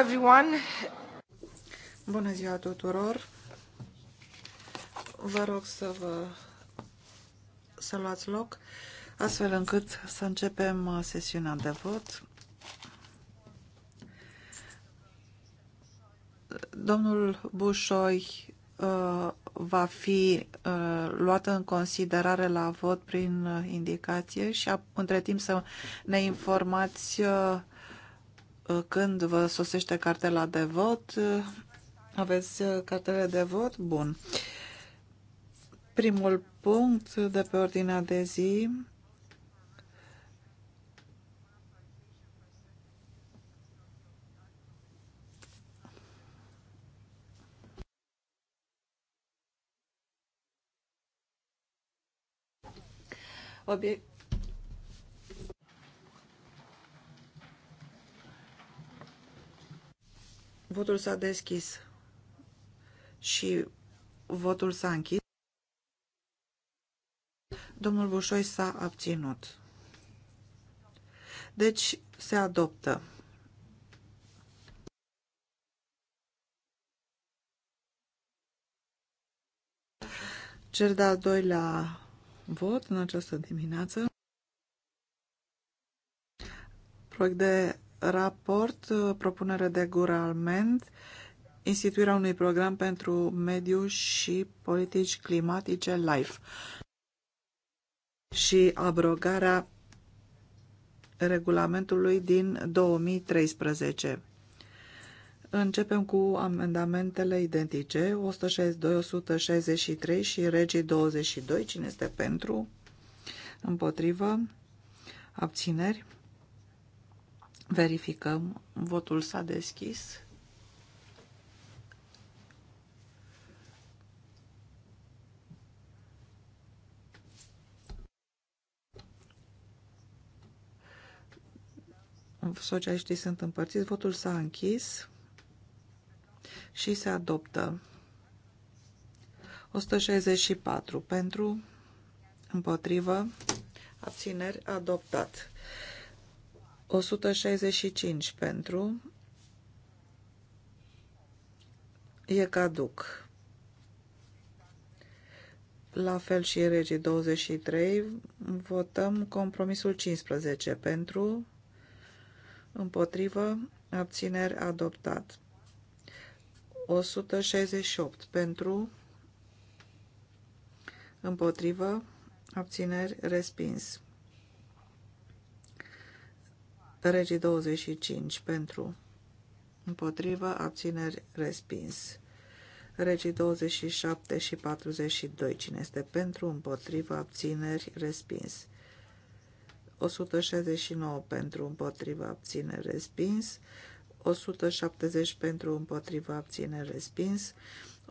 everyone. Bună ziua tuturor. Vă rog să vă să luați loc astfel încât să începem uh, sesiunea de vot. Domnul Bușoi uh, va fi uh, luat în considerare la vot prin indicație și între timp să ne informați când vă sosește cartela de vot. Aveți cartele de vot? Bun. Primul punct de pe ordinea de zi Obiect Votul s-a deschis și votul s-a închis. Domnul Bușoi s-a abținut. Deci se adoptă. Cer de-al doilea vot în această dimineață. Proiect de raport, uh, propunere de guralment, instituirea unui program pentru mediu și politici climatice LIFE și abrogarea regulamentului din 2013. Începem cu amendamentele identice 162, 163 și regii 22. Cine este pentru? Împotrivă? Abțineri? Verificăm. Votul s-a deschis. Socialiștii sunt împărțiți. Votul s-a închis și se adoptă. 164 pentru, împotrivă, abțineri, adoptat. 165 pentru e caduc. La fel și regii 23 votăm compromisul 15 pentru împotrivă abțineri adoptat. 168 pentru împotrivă abțineri respins. Regii 25 pentru împotrivă, abțineri, respins. Regii 27 și 42, cine este pentru, împotrivă, abțineri, respins. 169 pentru, împotrivă, abțineri, respins. 170 pentru, împotrivă, abțineri, respins.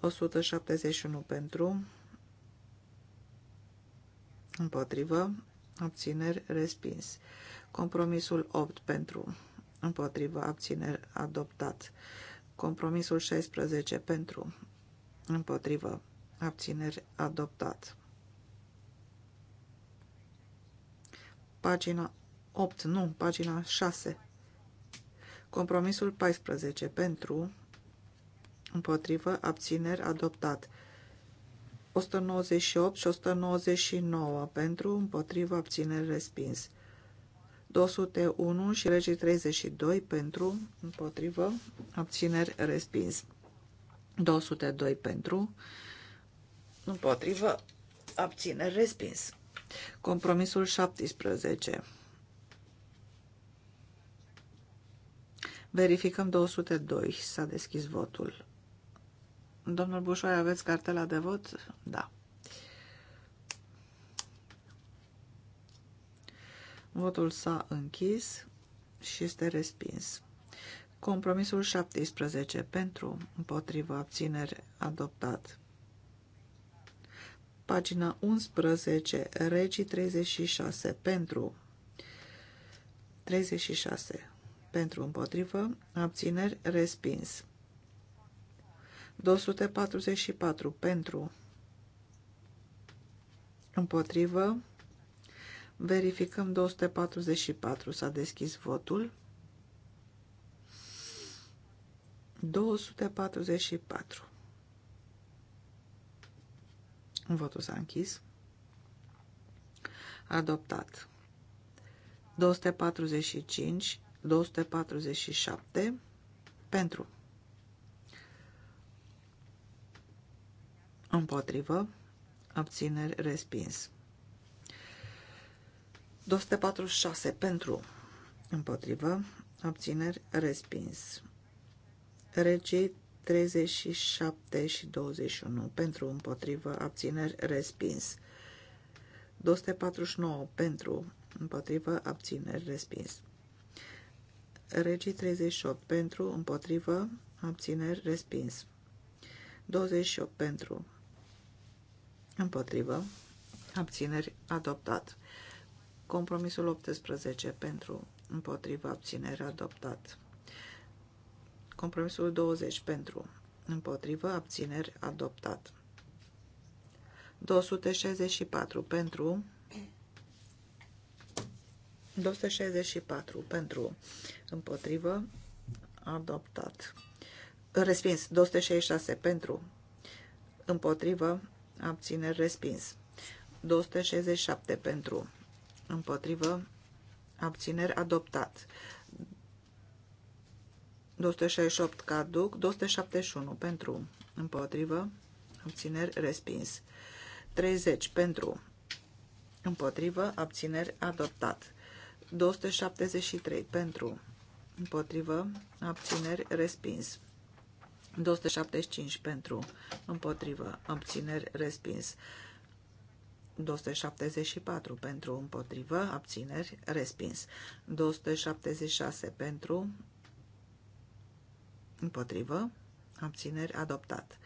171 pentru, împotrivă, abțineri, respins. Compromisul 8 pentru împotrivă abțineri adoptat. Compromisul 16 pentru împotrivă abțineri adoptat. Pagina 8, nu, pagina 6. Compromisul 14 pentru împotrivă abțineri adoptat. 198 și 199 pentru împotrivă abțineri respins. 201 și legii 32 pentru, împotrivă, abțineri respins. 202 pentru, împotrivă, abțineri respins. Compromisul 17. Verificăm 202. S-a deschis votul. Domnul Bușoi, aveți cartela de vot? Da. Votul s-a închis și este respins. Compromisul 17 pentru împotriva abținere adoptat. Pagina 11, regii 36 pentru 36 pentru împotrivă, abțineri respins. 244 pentru împotrivă, Verificăm 244. S-a deschis votul. 244. Votul s-a închis. Adoptat. 245, 247 pentru. Împotrivă. Abțineri respins. 246 pentru, împotrivă, abțineri, respins. Regii 37 și 21 pentru, împotrivă, abțineri, respins. 249 pentru, împotrivă, abțineri, respins. Regii 38 pentru, împotrivă, abțineri, respins. 28 pentru, împotrivă, abțineri, adoptat. Compromisul 18 pentru împotriva abținere adoptat. Compromisul 20 pentru împotriva abțineri adoptat. 264 pentru 264 pentru împotrivă adoptat respins 266 pentru împotrivă abțineri respins 267 pentru împotrivă, abțineri, adoptat. 268 caduc, 271 pentru, împotrivă, abțineri, respins. 30 pentru, împotrivă, abțineri, adoptat. 273 pentru, împotrivă, abțineri, respins. 275 pentru, împotrivă, abțineri, respins. 274 pentru împotrivă, abțineri, respins. 276 pentru împotrivă, abțineri, adoptat.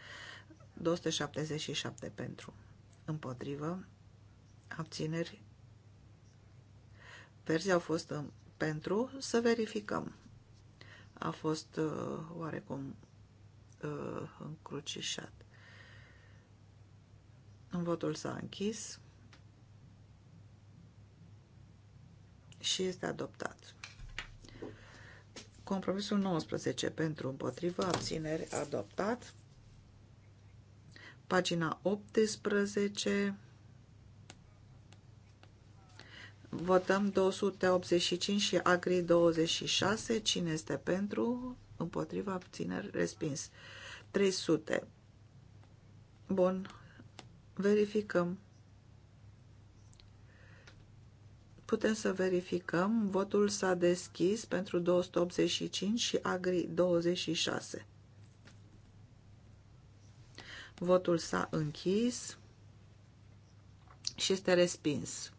277 pentru împotrivă, abțineri. Verzii au fost în, uh, pentru să verificăm. A fost uh, oarecum uh, încrucișat. Votul s-a închis și este adoptat. Compromisul 19 pentru împotrivă, abțineri, adoptat. Pagina 18. Votăm 285 și Agri 26. Cine este pentru? Împotriva, abțineri, respins. 300. Bun, Verificăm. Putem să verificăm. Votul s-a deschis pentru 285 și Agri 26. Votul s-a închis și este respins.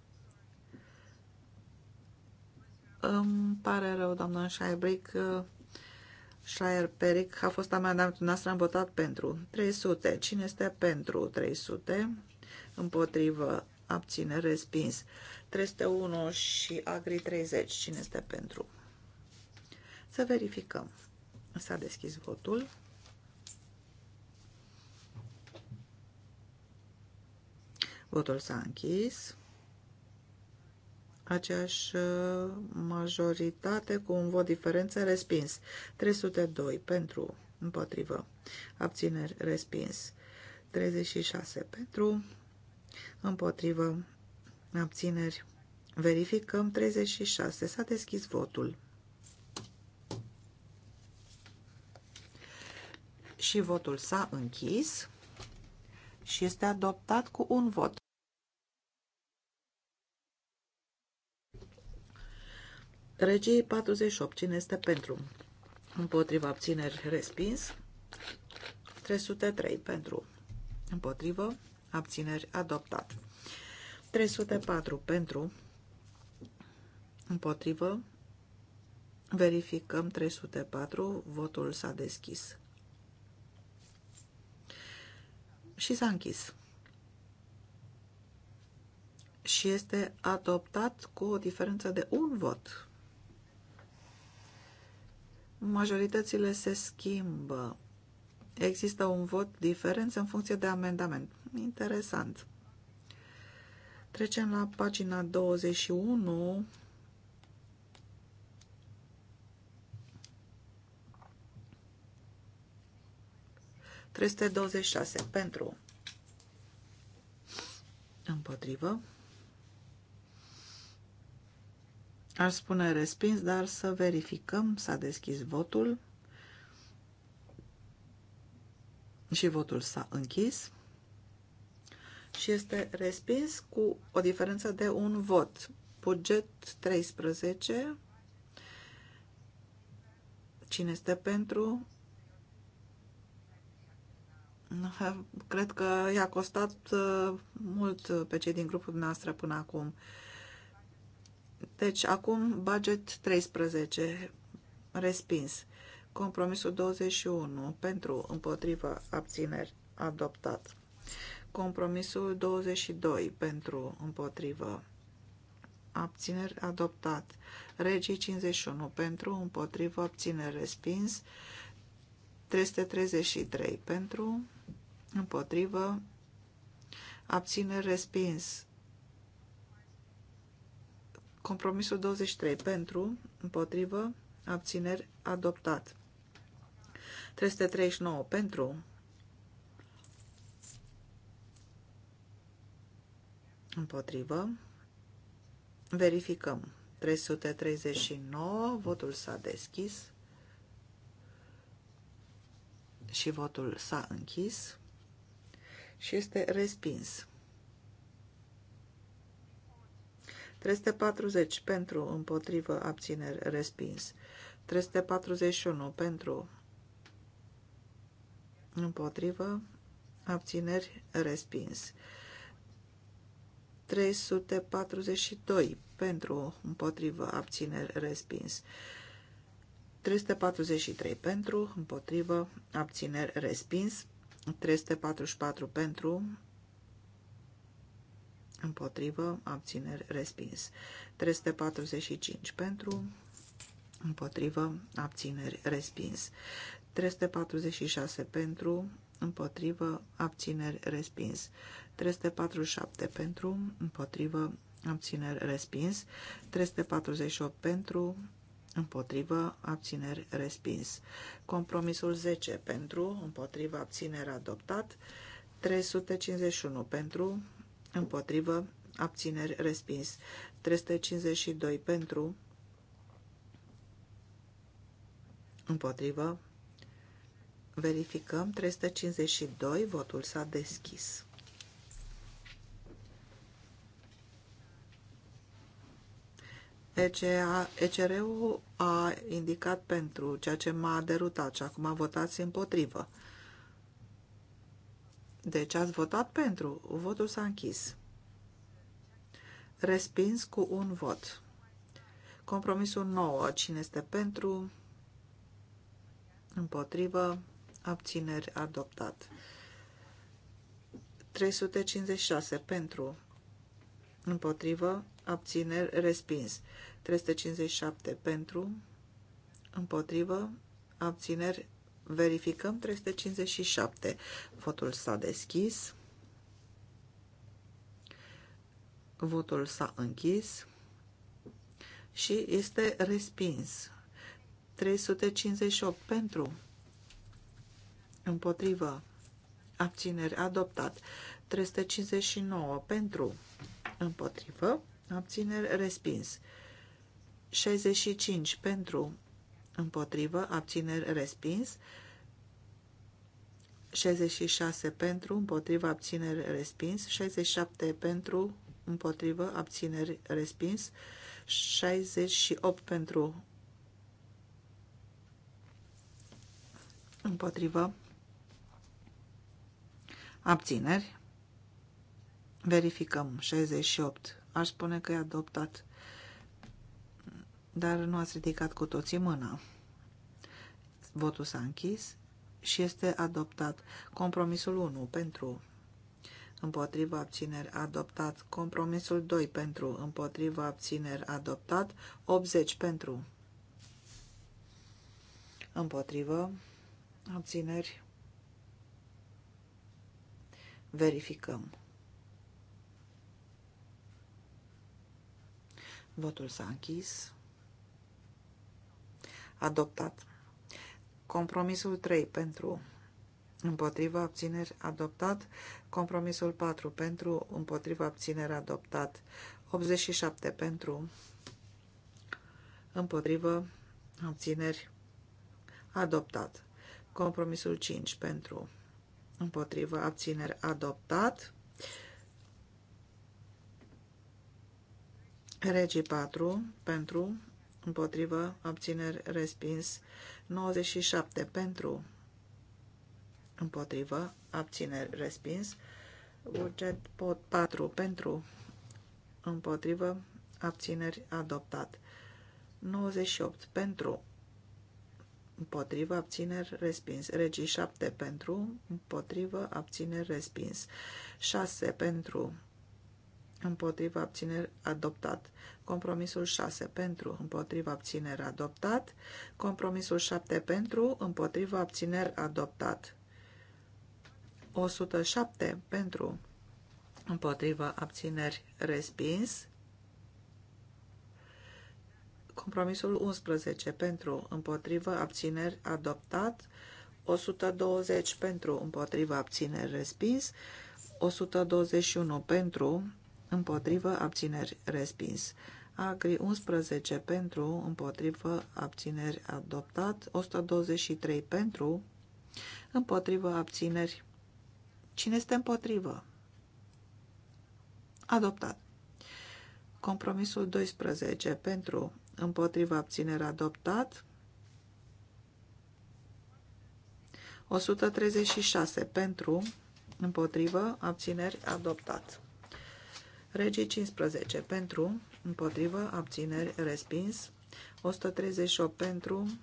Îmi pare rău, doamna Șaibric, Shire Peric a fost amendamentul nostru, am votat pentru. 300. Cine este pentru 300? Împotrivă. Abține. Respins. 301 și Agri 30. Cine este pentru? Să verificăm. S-a deschis votul. Votul s-a închis aceeași uh, majoritate cu un vot diferență respins. 302 pentru împotrivă abțineri respins. 36 pentru împotrivă abțineri. Verificăm 36. S-a deschis votul. Și votul s-a închis și este adoptat cu un vot. Regii 48. Cine este pentru? Împotriva abțineri respins. 303 pentru. Împotrivă abțineri adoptat. 304 pentru. Împotrivă. Verificăm 304. Votul s-a deschis. Și s-a închis și este adoptat cu o diferență de un vot majoritățile se schimbă. Există un vot diferent în funcție de amendament. Interesant. Trecem la pagina 21. Treste 26 pentru împotrivă Aș spune respins, dar să verificăm. S-a deschis votul și votul s-a închis și este respins cu o diferență de un vot. Buget 13. Cine este pentru? Cred că i-a costat uh, mult pe cei din grupul noastră până acum. Deci, acum, budget 13, respins. Compromisul 21, pentru, împotriva abțineri, adoptat. Compromisul 22, pentru, împotriva abțineri, adoptat. Regii 51, pentru, împotriva abțineri, respins. 333, pentru, împotriva abțineri, respins. Compromisul 23 pentru, împotrivă, abțineri, adoptat. 339 pentru, împotrivă, verificăm. 339, votul s-a deschis și votul s-a închis și este respins. 340 pentru, împotrivă, abțineri, respins. 341 pentru, împotrivă, abțineri, respins. 342 pentru, împotrivă, abțineri, respins. 343 pentru, împotrivă, abțineri, respins. 344 pentru, împotrivă, abțineri, respins. 345 pentru, împotrivă, abțineri, respins. 346 pentru, împotrivă, abțineri, respins. 347 pentru, împotrivă, abțineri, respins. 348 pentru, împotrivă, abțineri, respins. Compromisul 10 pentru, împotrivă, abțineri, adoptat. 351 pentru, împotrivă, abțineri, respins. 352 pentru, împotrivă, verificăm, 352, votul s-a deschis. ECR-ul a indicat pentru, ceea ce m-a derutat și acum votați împotrivă. Deci ați votat pentru. Votul s-a închis. Respins cu un vot. Compromisul 9. Cine este pentru? Împotrivă. Abțineri adoptat. 356 pentru. Împotrivă. Abțineri respins. 357 pentru. Împotrivă. Abțineri Verificăm 357. Votul s-a deschis. Votul s-a închis și este respins. 358 pentru, împotrivă, abțineri, adoptat. 359 pentru, împotrivă, abțineri, respins. 65 pentru, împotrivă, abțineri respins, 66 pentru, împotrivă, abțineri respins, 67 pentru, împotrivă, abțineri respins, 68 pentru, împotrivă, abțineri, verificăm, 68, aș spune că e adoptat dar nu ați ridicat cu toții mâna. Votul s-a închis și este adoptat. Compromisul 1 pentru împotriva abțineri adoptat. Compromisul 2 pentru împotriva abțineri adoptat. 80 pentru împotrivă abțineri. Verificăm. Votul s-a închis adoptat. Compromisul 3 pentru împotriva abțineri adoptat. Compromisul 4 pentru împotriva abțineri adoptat. 87 pentru împotriva abțineri adoptat. Compromisul 5 pentru împotriva abțineri adoptat. Regii 4 pentru împotrivă, abțineri, respins. 97 pentru, împotrivă, abțineri, respins. Buget pot 4 pentru, împotrivă, abțineri, adoptat. 98 pentru, împotrivă, abțineri, respins. Regii 7 pentru, împotrivă, abțineri, respins. 6 pentru, împotriva abțineri adoptat. Compromisul 6 pentru, împotriva abțineri adoptat. Compromisul 7 pentru, împotriva abțineri adoptat. 107 pentru, împotriva abțineri respins. Compromisul 11 pentru, împotriva abțineri adoptat. 120 pentru, împotriva abțineri respins. 121 pentru, împotrivă, abțineri, respins. Agri 11 pentru, împotrivă, abțineri, adoptat. 123 pentru, împotrivă, abțineri. Cine este împotrivă? Adoptat. Compromisul 12 pentru, împotrivă, abțineri, adoptat. 136 pentru, împotrivă, abțineri, adoptat. Regii 15 pentru, împotrivă, abțineri, respins. 138 pentru,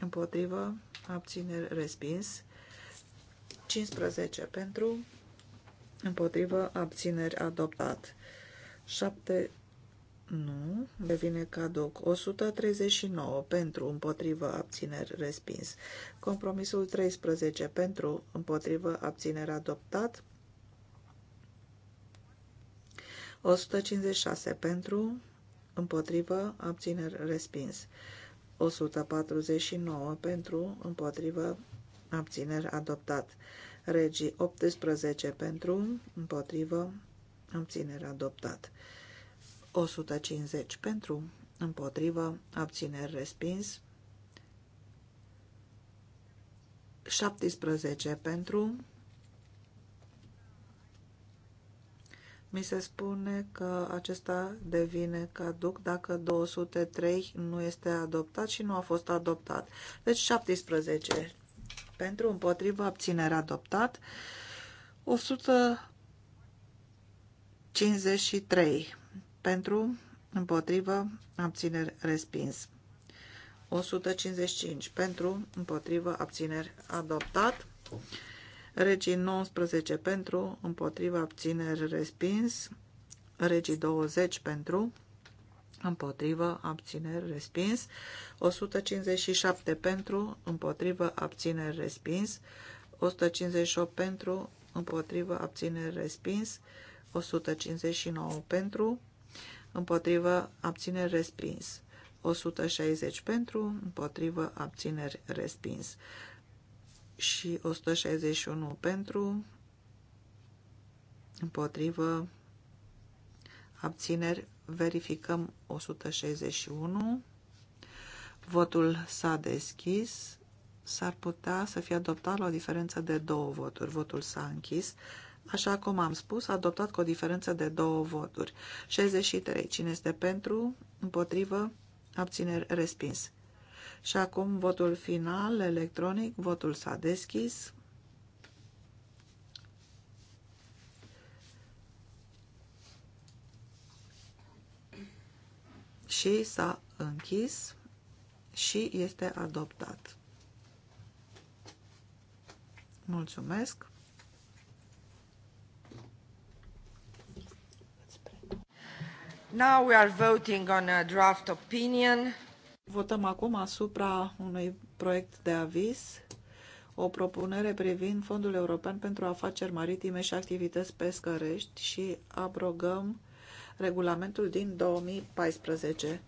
împotrivă, abțineri, respins. 15 pentru, împotrivă, abțineri, adoptat. 7 nu, devine caduc. 139 pentru, împotrivă, abțineri, respins. Compromisul 13 pentru, împotrivă, abțineri, adoptat. 156 pentru, împotrivă, abțineri respins. 149 pentru, împotrivă, abțineri adoptat. Regii 18 pentru, împotrivă, abțineri adoptat. 150 pentru, împotrivă, abțineri respins. 17 pentru, Mi se spune că acesta devine caduc dacă 203 nu este adoptat și nu a fost adoptat. Deci 17 pentru, împotriva abținere adoptat. 153 pentru, împotrivă, abțineri respins. 155 pentru, împotrivă, abțineri adoptat. Regii 19 pentru, împotriva abțineri respins. Regii 20 pentru, împotriva abțineri, respins. 157 pentru, împotriva abțineri, respins. 158 pentru, împotriva abțineri, respins. 159 pentru, împotriva abțineri, respins. 160 pentru, împotriva abțineri, respins și 161 pentru, împotrivă, abțineri, verificăm 161. Votul s-a deschis, s-ar putea să fie adoptat la o diferență de două voturi. Votul s-a închis, așa cum am spus, adoptat cu o diferență de două voturi. 63. Cine este pentru? Împotrivă? Abțineri, respins. Și acum votul final, electronic, votul s-a deschis. Și s-a închis și este adoptat. Mulțumesc! Now we are voting on a draft opinion Votăm acum asupra unui proiect de aviz, o propunere privind Fondul European pentru Afaceri Maritime și Activități Pescărești și abrogăm regulamentul din 2014.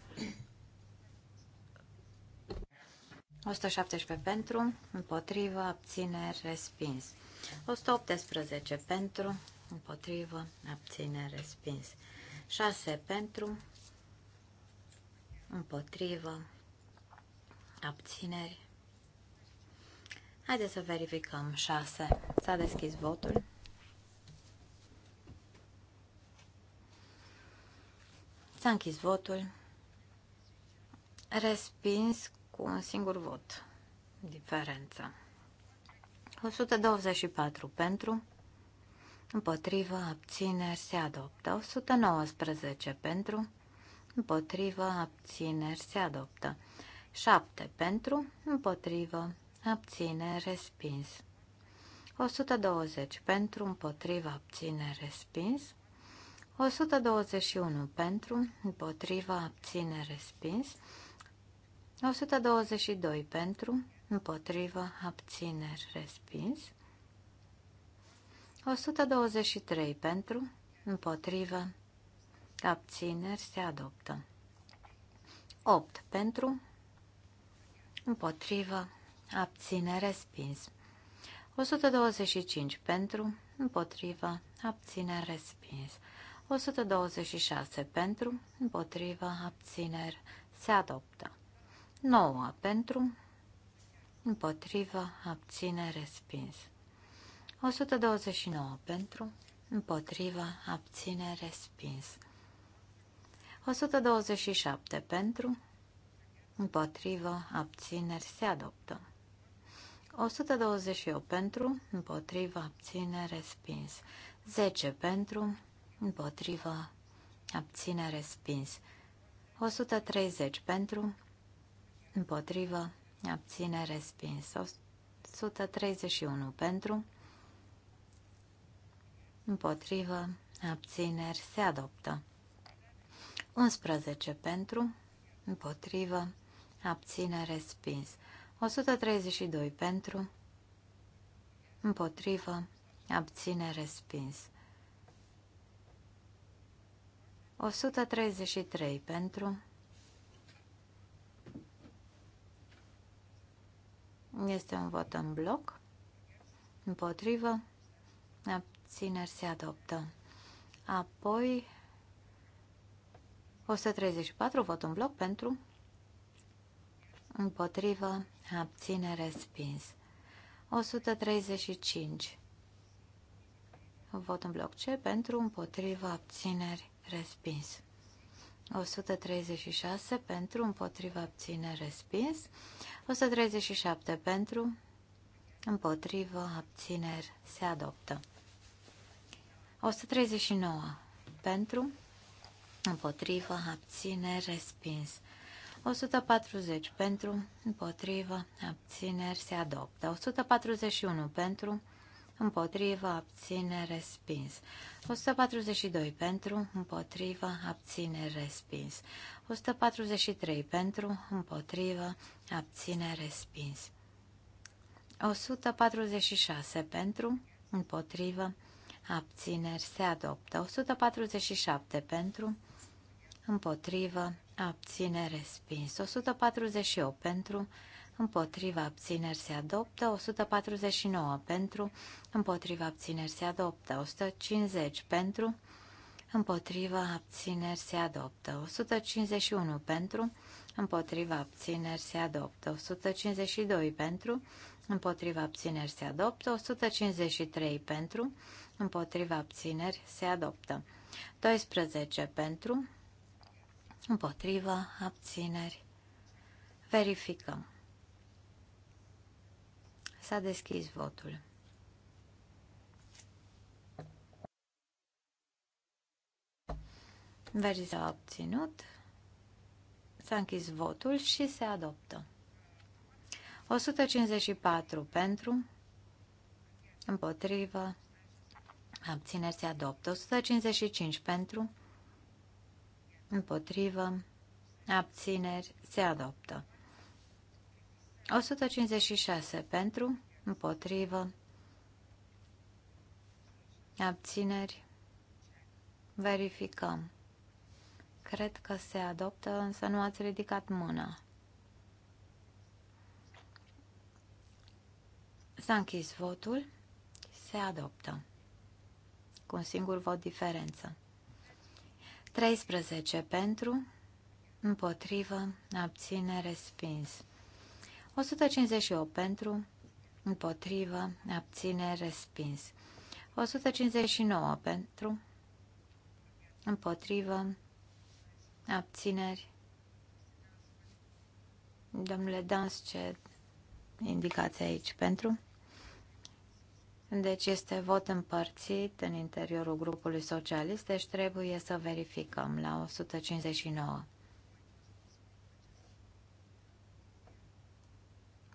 117 pentru, împotrivă, abțineri, respins. 118 pentru, împotrivă, abțineri, respins. 6 pentru, împotrivă, abțineri. Haideți să verificăm 6. S-a deschis votul. S-a închis votul. Respins cu un singur vot. Diferență. 124 pentru, împotrivă, abțineri, se adoptă. 119 pentru, împotrivă, abțineri, se adoptă. 7 pentru, împotrivă, abține respins. 120 pentru, împotrivă, abține respins. 121 pentru, împotrivă, abține, respins. 122 pentru, împotrivă, abține, respins. 123 pentru, împotrivă, abțineri se adoptă. 8 pentru, împotrivă, abține, respins. 125 pentru, împotrivă, abține, respins. 126 pentru, împotrivă, abțineri, se adoptă. 9 pentru, împotrivă, abține, respins. 129 pentru, împotrivă, abține, respins. 127 pentru, împotrivă, abțineri, se adoptă. 128 pentru, împotrivă, abține, respins. 10 pentru, împotrivă, abține, respins. 130 pentru, împotrivă, abține, respins. 131 pentru, împotrivă, abțineri, se adoptă. 11 pentru, împotrivă, abține, respins. 132 pentru, împotrivă, abține, respins. 133 pentru, este un vot în bloc, împotrivă, abțineri se adoptă. Apoi 134 vot în bloc pentru împotrivă abține respins. 135 vot în bloc C pentru împotrivă abțineri respins. 136 pentru împotrivă abțineri respins. 137 pentru împotrivă abțineri se adoptă. 139 pentru împotrivă, abține, respins. 140 pentru, împotrivă, abțineri, se adoptă. 141 pentru, împotrivă, abține, respins. 142 pentru, împotrivă, abține, respins. 143 pentru, împotrivă, abține, respins. 146 pentru, împotrivă, abțineri, se adoptă. 147 pentru, împotrivă, abține, respins. 148 pentru, împotrivă, abțineri se adoptă, 149 pentru, împotrivă, abțineri se adoptă, 150 pentru, împotrivă, abțineri se adoptă, 151 pentru, împotrivă, abțineri se adoptă, 152 pentru, împotrivă, abțineri se adoptă, 153 pentru, împotrivă, abțineri se adoptă, 12 pentru, împotriva, abțineri. Verificăm. S-a deschis votul. Verzi s-a obținut, s-a închis votul și se adoptă. 154 pentru, împotrivă, abțineri se adoptă. 155 pentru, împotrivă, abțineri, se adoptă. 156 pentru, împotrivă, abțineri, verificăm. Cred că se adoptă, însă nu ați ridicat mâna. S-a închis votul, se adoptă. Cu un singur vot diferență. 13 pentru, împotrivă, abține, respins. 158 pentru, împotrivă, abține, respins. 159 pentru, împotrivă, abțineri. Domnule Dans, ce indicați aici pentru? Deci este vot împărțit în interiorul grupului socialist, deci trebuie să verificăm la 159.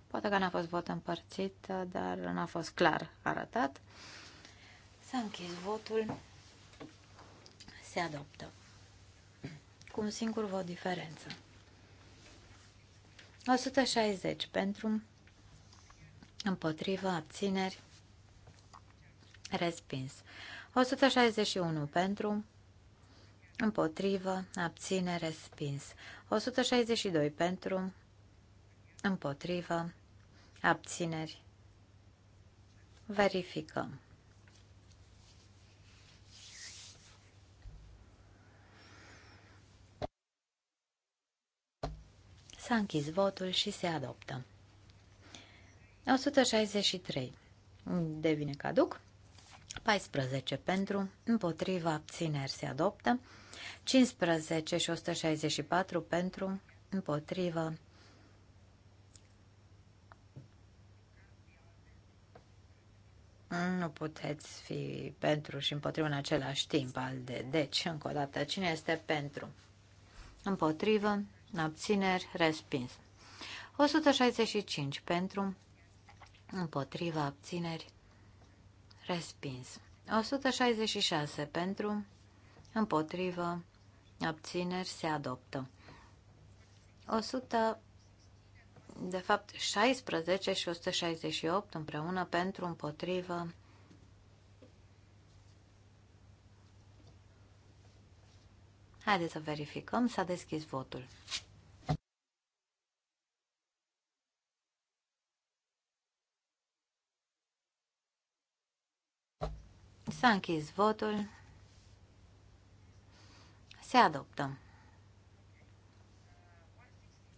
Poate că n-a fost vot împărțit, dar n-a fost clar arătat. S-a închis votul. Se adoptă. Cu un singur vot diferență. 160 pentru, împotriva, abțineri, Respins. 161 pentru, împotrivă, abține, respins. 162 pentru, împotrivă, abțineri. Verificăm. S-a închis votul și se adoptă. 163. Devine caduc. 14 pentru, împotriva abțineri se adoptă, 15 și 164 pentru, împotriva Nu puteți fi pentru și împotriva în același timp al de. Deci, încă o dată, cine este pentru? Împotrivă, abțineri, respins. 165 pentru, împotriva abțineri, Respins. 166 pentru, împotrivă, abțineri se adoptă. 100, de fapt 16 și 168 împreună pentru, împotrivă, Haideți să verificăm, s-a deschis votul. S-a închis votul. Se adoptă.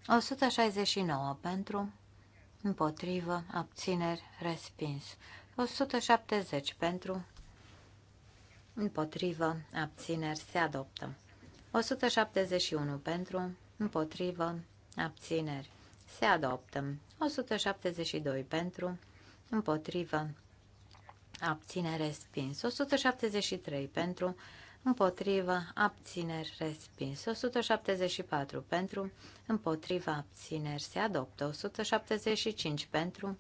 169 pentru, împotrivă, abțineri, respins. 170 pentru, împotrivă, abțineri, se adoptă. 171 pentru, împotrivă, abțineri, se adoptă. 172 pentru, împotrivă, abține, respins. 173 pentru, împotrivă, abțineri respins. 174 pentru, împotriva abțineri se adoptă. 175 pentru,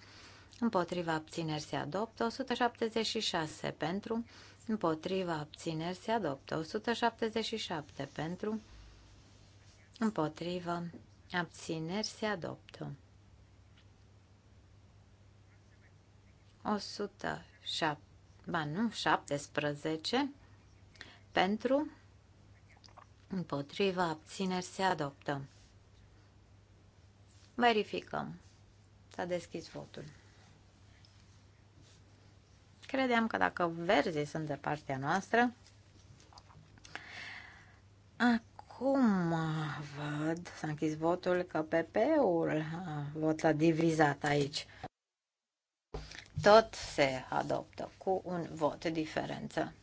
împotriva abțineri se adoptă. 176 pentru, împotriva abțineri se adoptă. 177 pentru, împotriva abțineri se adoptă. 107, ba nu, 17 pentru împotriva abțineri se adoptă. Verificăm. S-a deschis votul. Credeam că dacă verzii sunt de partea noastră, acum văd, s-a închis votul, că PP-ul a votat divizat aici tot se adoptă cu un vot diferență.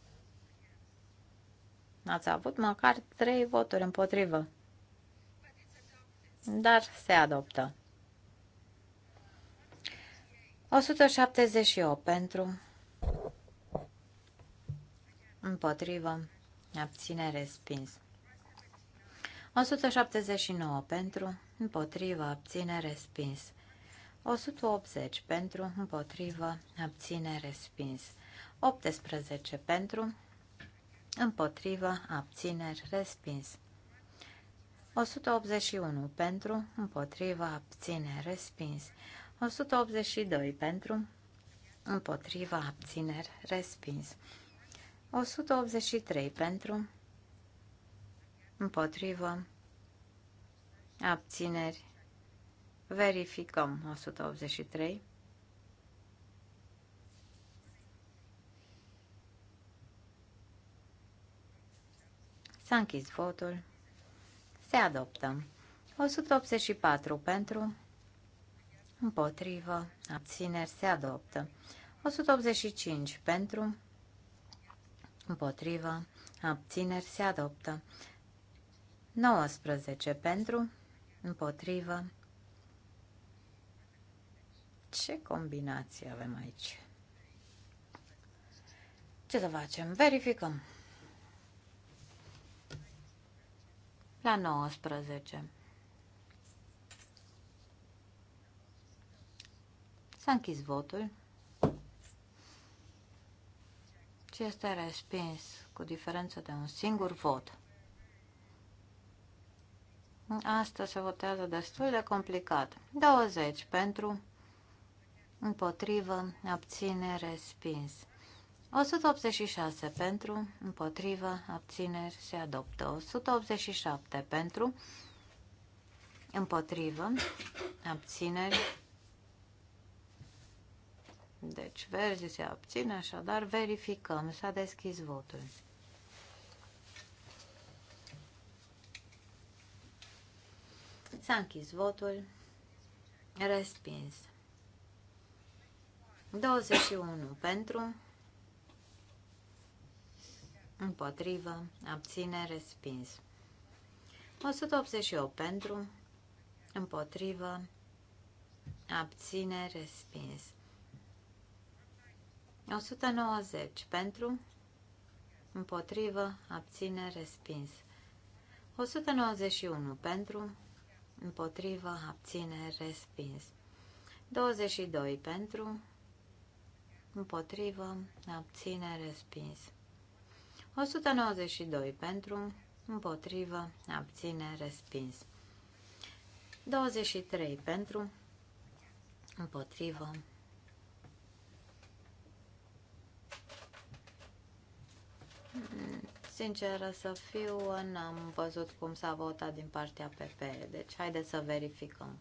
Ați avut măcar trei voturi împotrivă. Dar se adoptă. 178 pentru împotrivă abține respins. 179 pentru împotrivă abține respins. 180 pentru, împotrivă, abține, respins. 18 pentru, împotrivă, abțineri, respins. 181 pentru, împotrivă, abține, respins. 182 pentru, împotrivă, abțineri, respins. 183 pentru, împotrivă, abțineri, Verificăm 183. S-a închis votul. Se adoptă. 184 pentru, împotrivă, abțineri, se adoptă. 185 pentru, împotrivă, abțineri, se adoptă. 19 pentru, împotrivă, ce combinație avem aici? Ce să facem? Verificăm. La 19. S-a închis votul. Și este respins cu diferență de un singur vot. Asta se votează destul de complicat. 20 pentru împotrivă, abțineri, respins. 186 pentru, împotrivă, abțineri, se adoptă. 187 pentru, împotrivă, abțineri. Deci, verzi se abține, așadar verificăm. S-a deschis votul. S-a închis votul. Respins. 21 pentru, împotrivă, abține, respins. 188 pentru, împotrivă, abține, respins. 190 pentru, împotrivă, abține, respins. 191 pentru, împotrivă, abține, respins. 22 pentru, împotrivă, abține, respins. 192 pentru, împotrivă, abține, respins. 23 pentru, împotrivă, Sinceră să fiu, n-am văzut cum s-a votat din partea PP, deci haideți să verificăm.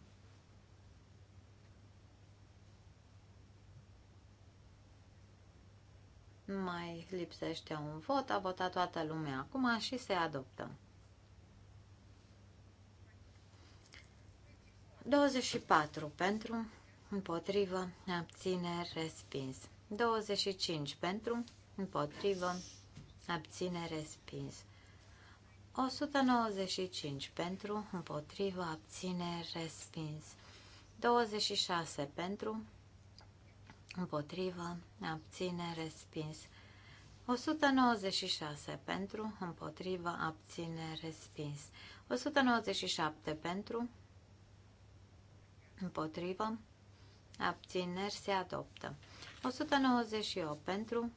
mai lipsește un vot, a votat toată lumea acum și se adoptă. 24 pentru, împotrivă, abține respins. 25 pentru, împotrivă, abține respins. 195 pentru, împotrivă, abține respins. 26 pentru, împotrivă, abține, respins. 196 pentru, împotrivă, abține, respins. 197 pentru, împotrivă, abțineri se adoptă. 198 pentru,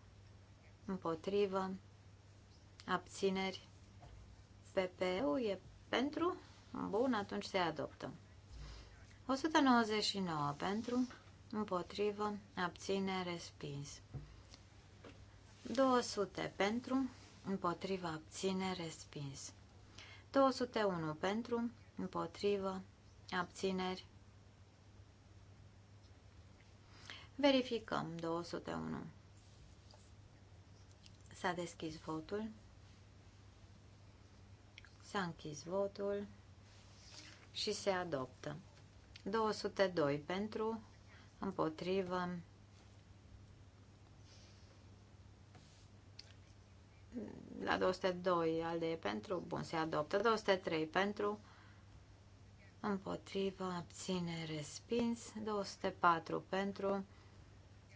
împotrivă, abțineri. PPU e pentru? Bun, atunci se adoptă. 199 pentru, împotrivă, abține, respins. 200 pentru, împotrivă, abține, respins. 201 pentru, împotrivă, abțineri. Verificăm 201. S-a deschis votul. S-a închis votul și se adoptă. 202 pentru, împotrivă, la 202 al de pentru, bun, se adoptă, 203 pentru, împotrivă, abține, respins, 204 pentru,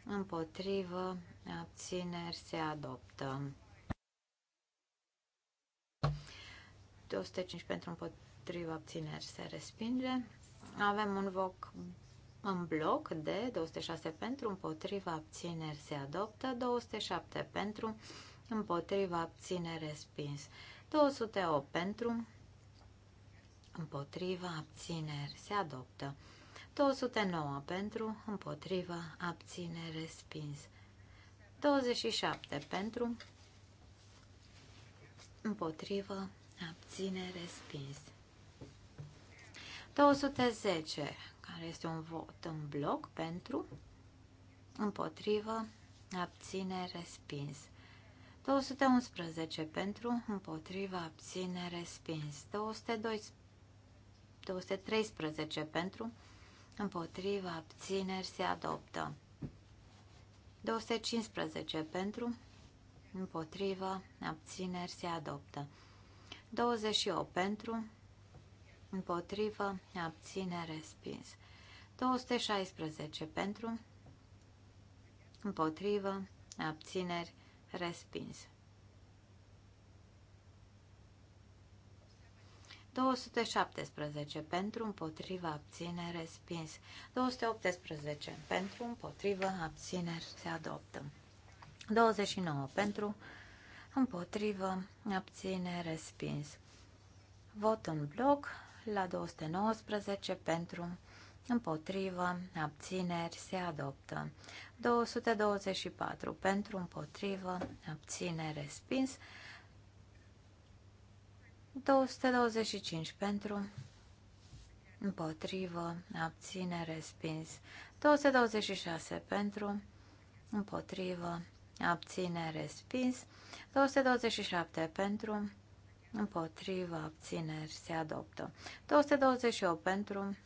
împotrivă, abțineri, se adoptă. 205 pentru împotriva abțineri se respinge. Avem un voc în bloc de 206 pentru, împotriva abțineri se adoptă, 207 pentru, împotriva abțineri respins, 208 pentru, împotriva abțineri se adoptă, 209 pentru, împotriva abțineri respins, 27 pentru, împotriva abțineri respins. 210 care este un vot în bloc pentru, împotrivă, abține, respins. 211 pentru, împotriva, abține, respins. 212, 213 pentru, împotriva, abțineri, se adoptă. 215 pentru, împotriva, abțineri, se adoptă. 28 pentru, împotrivă, abține, respins. 216 pentru, împotrivă, abțineri, respins. 217 pentru, împotrivă, abține, respins. 218 pentru, împotrivă, abțineri, se adoptă. 29 pentru, împotrivă, abține, respins. Vot în bloc la 219 pentru, împotrivă, abțineri, se adoptă. 224 pentru, împotrivă, abțineri, respins. 225 pentru, împotrivă, abțineri, respins. 226 pentru, împotrivă, abțineri, respins. 227 pentru, împotriva abțineri se adoptă. 228 pentru,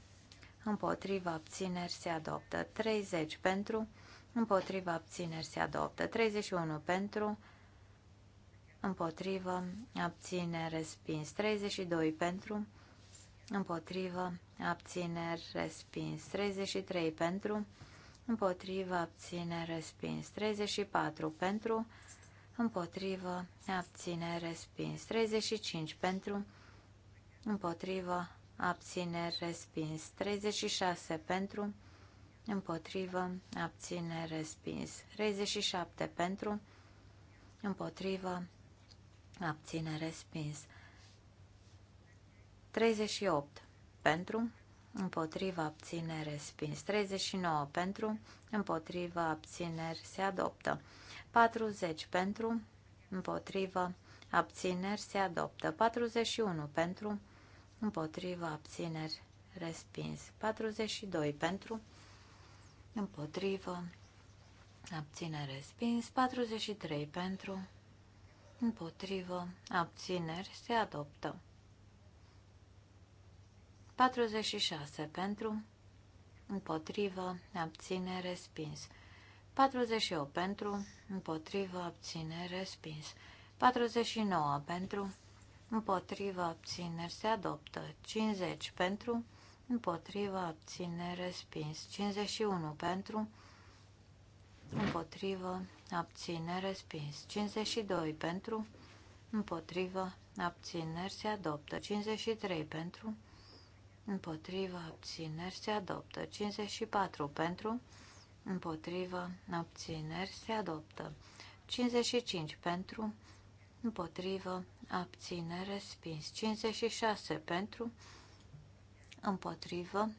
împotriva abțineri se adoptă. 30 pentru, împotriva abțineri se adoptă. 31 pentru, împotriva abțineri respins. 32 pentru, împotriva abțineri respins. 33 pentru, împotriva abțineri respins. 34 pentru, împotriva, împotrivă, abțineri, respins. 35 pentru, împotrivă, abțineri, respins. 36 pentru, împotrivă, abțineri, respins. 37 pentru, împotrivă, abțineri, respins. 38 pentru, împotriva abțineri, respins. 39 pentru, împotriva abțineri, se adoptă. 40 pentru, împotrivă, abțineri se adoptă. 41 pentru, împotrivă, abțineri respins. 42 pentru, împotrivă, abțineri respins. 43 pentru, împotrivă, abțineri se adoptă. 46 pentru, împotrivă, abține, respins. 48 pentru, împotrivă, abțineri, respins. 49 pentru, împotrivă, abțineri, se adoptă. 50 pentru, împotrivă, abțineri, respins. 51 pentru, împotrivă, abțineri, respins. 52 pentru, împotrivă, abțineri, se adoptă. 53 pentru, împotrivă, abțineri, se adoptă. 54 pentru, împotrivă, împotrivă, abțineri, se adoptă. 55 pentru, împotrivă, abțineri, respins. 56 pentru, împotrivă,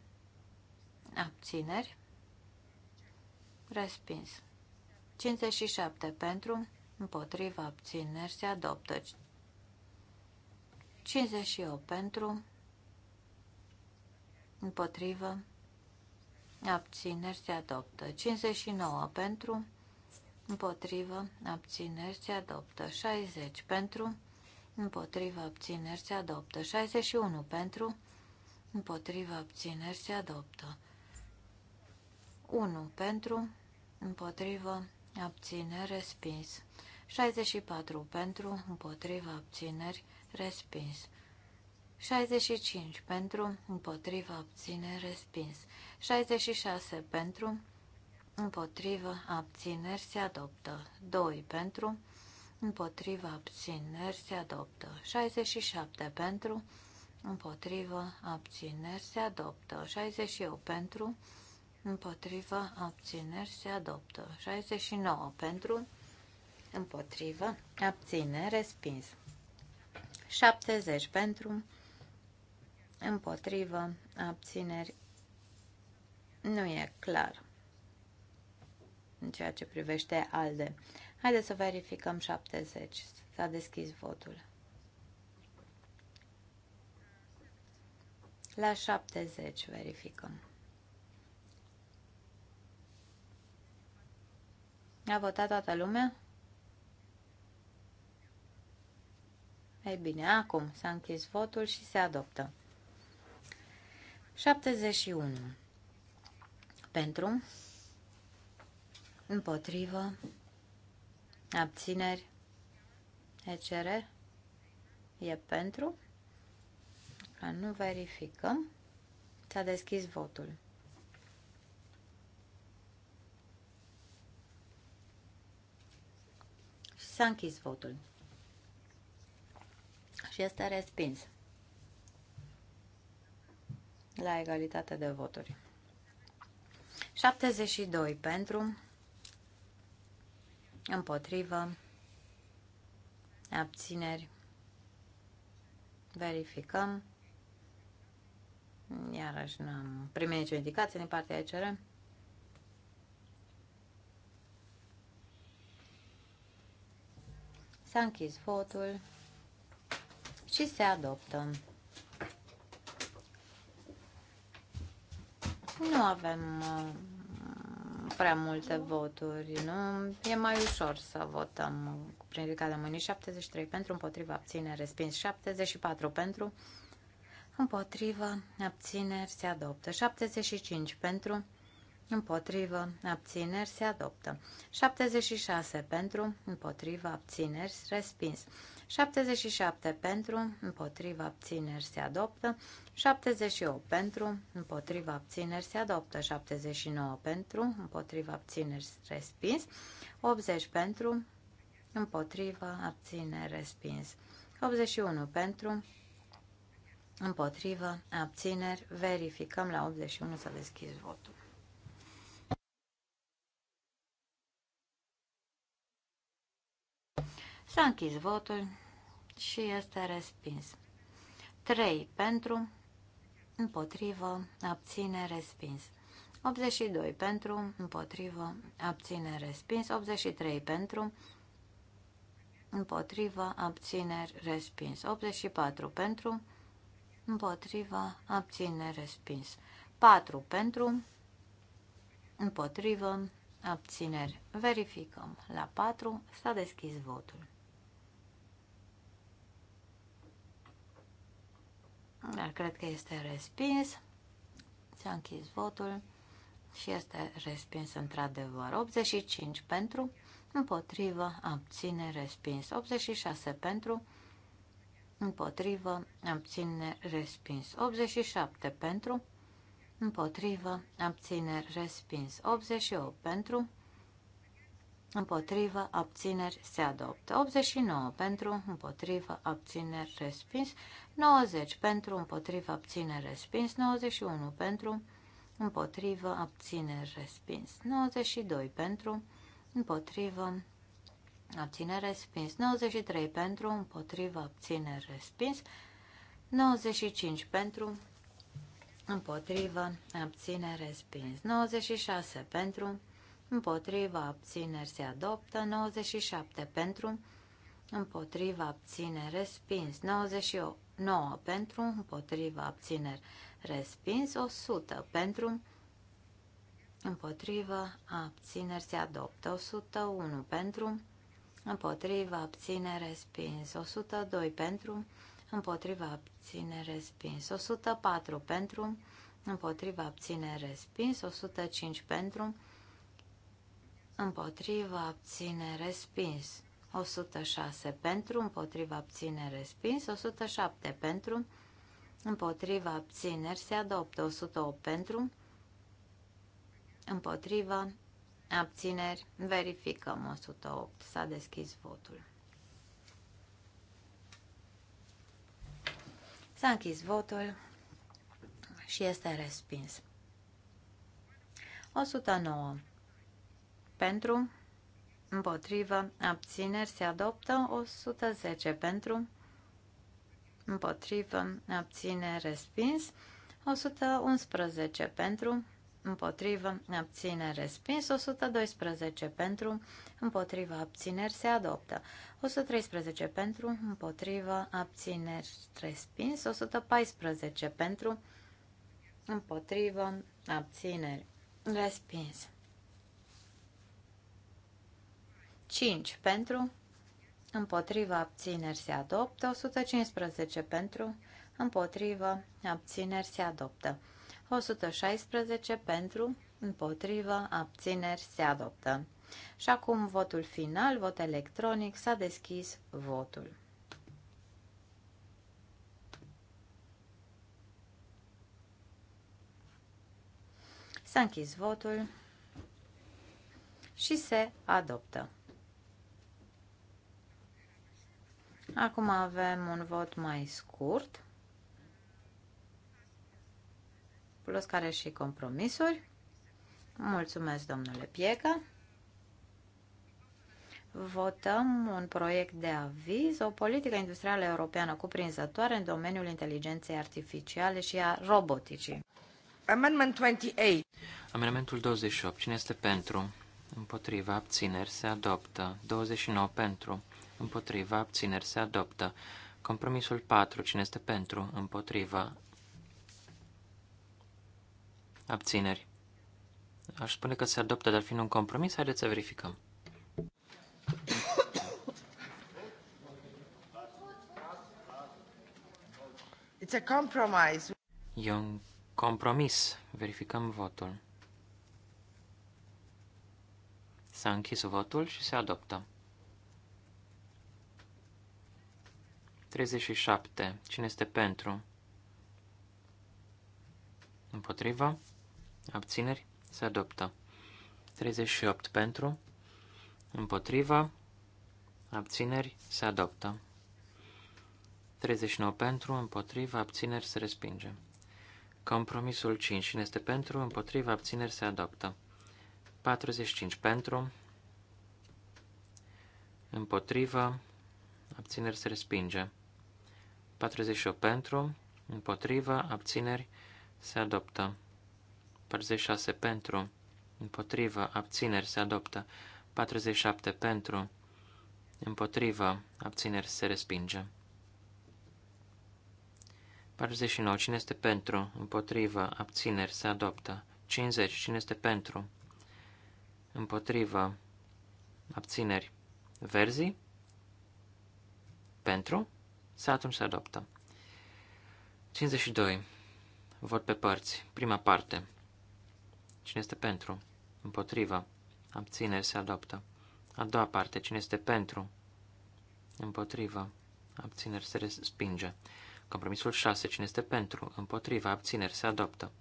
abțineri, respins. 57 pentru, împotriva abțineri se adoptă. 58 pentru, împotrivă, abțineri se adoptă. 59 pentru, împotrivă, abțineri se adoptă. 60 pentru, împotrivă, abțineri se adoptă. 61 pentru, împotrivă, abțineri se adoptă. 1 pentru, împotrivă, abțineri respins. 64 pentru, împotrivă, abțineri respins. 65 pentru, împotrivă, abține, respins. 66 pentru, împotrivă, abțineri, se adoptă. 2 pentru, împotrivă, abțineri, se adoptă. 67 pentru, împotrivă, abțineri, se adoptă. 68 pentru, împotrivă, abțineri, se adoptă. 69 pentru, împotrivă, abține, respins. 70 pentru, împotrivă, abțineri, nu e clar în ceea ce privește ALDE. Haideți să verificăm 70. S-a deschis votul. La 70 verificăm. A votat toată lumea? Ei bine, acum s-a închis votul și se adoptă. 71. Pentru, împotrivă, abțineri, ECR e pentru. nu verificăm. S-a deschis votul. S-a închis votul. Și este respins la egalitate de voturi. 72 pentru, împotrivă, abțineri, verificăm. Iarăși n-am primit nicio indicație din partea ECR. S-a închis votul și se adoptă. Deci nu avem uh, prea multe voturi, nu? E mai ușor să votăm prin ridicarea mâinii 73 pentru, împotriva abține, respins 74 pentru, împotriva abțineri se adoptă 75 pentru, împotriva abțineri se adoptă. 76 pentru, împotriva abțineri, respins. 77 pentru, împotriva abțineri se adoptă. 78 pentru, împotriva abțineri se adoptă. 79 pentru, împotriva abțineri respins. 80 pentru, împotriva abțineri respins. 81 pentru, împotriva abțineri verificăm la 81 să deschizi votul. S-a închis votul și este respins. 3 pentru, împotrivă, abține, respins. 82 pentru, împotrivă, abține, respins. 83 pentru, împotrivă, abține, respins. 84 pentru, împotrivă, abține, respins. 4 pentru, împotrivă, abțineri. Verificăm. La 4 s-a deschis votul. dar cred că este respins. S-a închis votul și este respins într-adevăr. 85 pentru, împotrivă, abține, respins. 86 pentru, împotrivă, abține, respins. 87 pentru, împotrivă, abține, respins. 88 pentru, împotrivă, abțineri, se adoptă. 89 pentru, împotrivă, abțineri, respins. 90 pentru, împotrivă, abțineri, respins. 91 pentru, împotrivă, abțineri, respins. 92 pentru, împotrivă, abțineri, respins. 93 pentru, împotrivă, abțineri, respins. 95 pentru, împotrivă, abțineri, respins. 96 pentru, împotriva abțineri se adoptă, 97 pentru, împotriva abțineri respins, 99 pentru, împotriva abțineri respins, 100 pentru, împotriva abțineri se adoptă, 101 pentru, împotriva abțineri respins, 102 pentru, împotriva abțineri respins, 104 pentru, împotriva abțineri respins, 105 pentru, împotrivă, abține, respins. 106 pentru, împotrivă, abține, respins. 107 pentru, împotrivă, abțineri, se adoptă. 108 pentru, împotrivă, abțineri, verificăm. 108, s-a deschis votul. S-a închis votul și este respins. 109 pentru, împotrivă, abțineri se adoptă, 110 pentru, împotrivă, abține, respins, 111 pentru, împotrivă, abține, respins, 112 pentru, împotrivă, abțineri, se adoptă, 113 pentru, împotrivă, abțineri, respins, 114 pentru, împotrivă, abțineri, respins. 5 pentru, împotriva abțineri se adoptă, 115 pentru, împotriva abțineri se adoptă, 116 pentru, împotriva abțineri se adoptă. Și acum votul final, vot electronic, s-a deschis votul. S-a închis votul și se adoptă. Acum avem un vot mai scurt, plus care și compromisuri. Mulțumesc, domnule Pieca. Votăm un proiect de aviz, o politică industrială europeană cuprinzătoare în domeniul inteligenței artificiale și a roboticii. Amendment 28. Amendamentul 28. Cine este pentru? Împotriva abțineri se adoptă. 29 pentru împotriva, abțineri se adoptă. Compromisul 4, cine este pentru, împotriva, abțineri. Aș spune că se adoptă, dar fiind un compromis, haideți să verificăm. It's a compromise. E un compromis. Verificăm votul. S-a închis votul și se adoptă. 37. Cine este pentru? Împotriva? Abțineri? Se adoptă. 38. Pentru? Împotriva? Abțineri? Se adoptă. 39. Pentru? Împotriva? Abțineri? Se respinge. Compromisul 5. Cine este pentru? Împotriva? Abțineri? Se adoptă. 45. Pentru? Împotriva? Abțineri? Se respinge. 48 pentru, împotriva, abțineri, se adoptă. 46 pentru, împotriva, abțineri, se adoptă. 47 pentru, împotriva, abțineri, se respinge. 49. Cine este pentru? Împotriva. Abțineri. Se adoptă. 50. Cine este pentru? Împotriva. Abțineri. Verzi? Pentru? Să atunci se adoptă. 52. Vot pe părți. Prima parte. Cine este pentru? Împotrivă. Abțineri se adoptă. A doua parte. Cine este pentru? Împotrivă. Abțineri se respinge. Compromisul 6. Cine este pentru? Împotrivă. Abțineri se adoptă.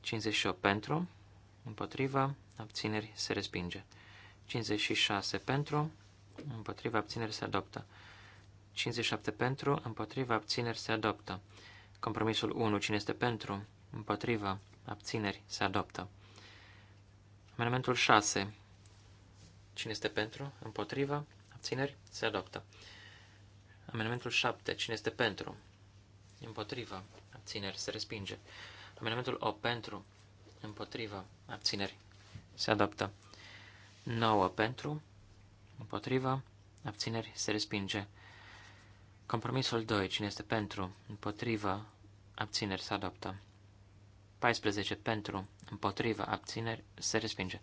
58 pentru. Împotrivă. Abțineri se respinge. 56 pentru. Împotrivă. Abțineri se adoptă. 57 pentru, împotriva, abțineri, se adoptă. Compromisul 1, cine este pentru, împotriva, abțineri, se adoptă. Amendamentul 6, cine este pentru, împotriva, abțineri, se adoptă. Amendamentul 7, cine este pentru, împotriva, abțineri, se respinge. Amendamentul 8, pentru, împotriva, abțineri, se adoptă. 9, pentru, împotriva, abțineri, se respinge. Compromisul 2. Cine este pentru? Împotrivă. Abțineri. Se adoptă. 14. Pentru. Împotrivă. Abțineri. Se respinge.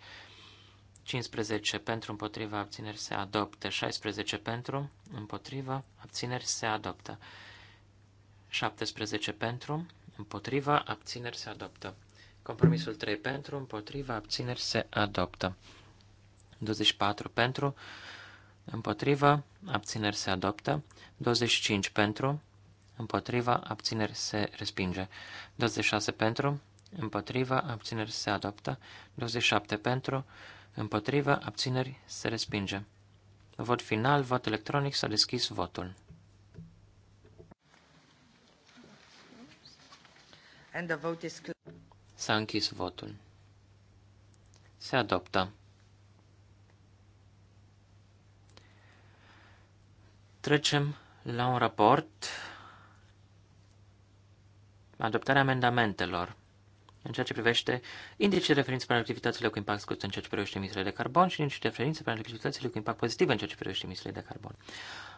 15. Pentru. Împotrivă. Abțineri. Se adoptă. 16. Pentru. Împotrivă. Abțineri. Se adoptă. 17. Pentru. Împotriva, abțineri se adoptă. Compromisul 3 pentru, împotriva, abțineri se adoptă. 24 pentru, împotriva, abțineri se adoptă, 25 pentru, împotriva, abțineri se respinge, 26 pentru, împotriva, abțineri se adoptă, 27 pentru, împotriva, abțineri se respinge. Vot final, vot electronic, s-a deschis votul. S-a închis votul. Se adoptă. Trecem la un raport. Adoptarea amendamentelor în ceea ce privește indicii referințe pentru activitățile cu impact scurt în ceea ce privește emisiile de carbon și indicii referințe pentru activitățile cu impact pozitiv în ceea ce privește emisiile de carbon.